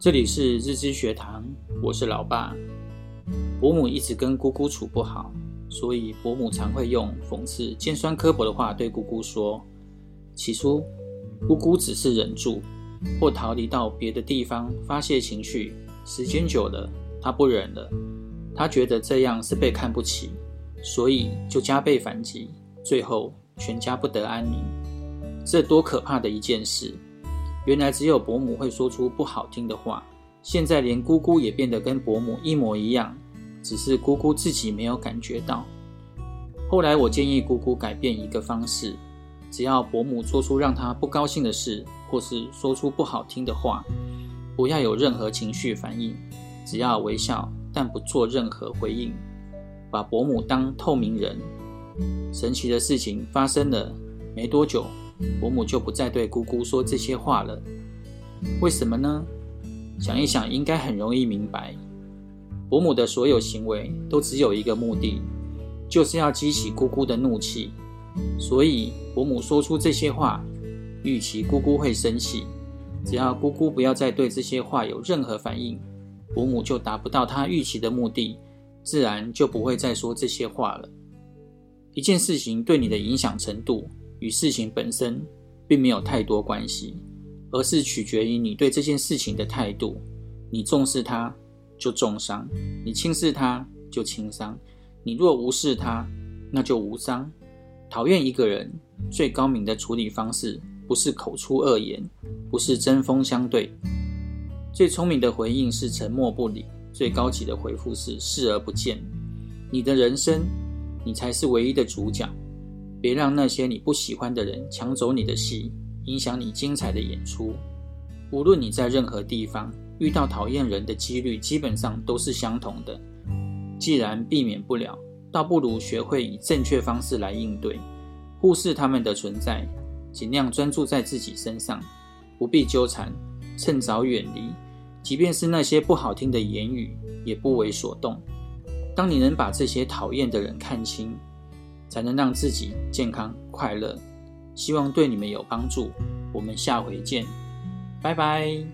這裡是日知學堂，我是老爸。伯母一直跟姑姑處不好，所以伯母常會用諷刺、尖酸刻薄的話對姑姑說。起初，姑姑只是忍住，或逃離到別的地方發洩情緒。時間久了，她不忍了，她覺得這樣是被看不起，所以就加倍反擊。最後，全家不得安寧。這多可怕的一件事！原來只有伯母會說出不好聽的話，現在連姑姑也變得跟伯母一模一樣，只是姑姑自己沒有感覺到。後來我建議姑姑改變一個方式，只要伯母做出讓她不高興的事，或是說出不好聽的話，不要有任何情緒反應，只要微笑，但不做任何回應，把伯母當透明人。神奇的事情發生了，沒多久，伯母就不再對姑姑說這些話了，為什麼呢？想一想，應該很容易明白。伯母的所有行為都只有一個目的，就是要激起姑姑的怒氣。所以伯母說出這些話，預期姑姑會生氣。只要姑姑不要再對這些話有任何反應，伯母就達不到她預期的目的，自然就不會再說這些話了。一件事情對你的影響程度，與事情本身並沒有太多關係，而是取決於你對這件事情的態度。你重視它，就重傷；你輕視它，就輕傷；你若無視它，那就無傷。討厭一個人，最高明的處理方式不是口出惡言，不是針鋒相對，最聰明的回應是沉默不理，最高級的回復是視而不見。你的人生，你才是唯一的主角。別讓那些你不喜歡的人搶走你的戲，影響你精彩的演出。無論你在任何地方遇到討厭人的幾率，基本上都是相同的。既然避免不了，倒不如學會以正確方式來應對，忽視他們的存在，盡量專注在自己身上，不必糾纏，趁早遠離。即便是那些不好聽的言語，也不為所動。當你能把這些討厭的人看清，才能讓自己健康快樂，希望對你們有幫助。我們下回見，拜拜。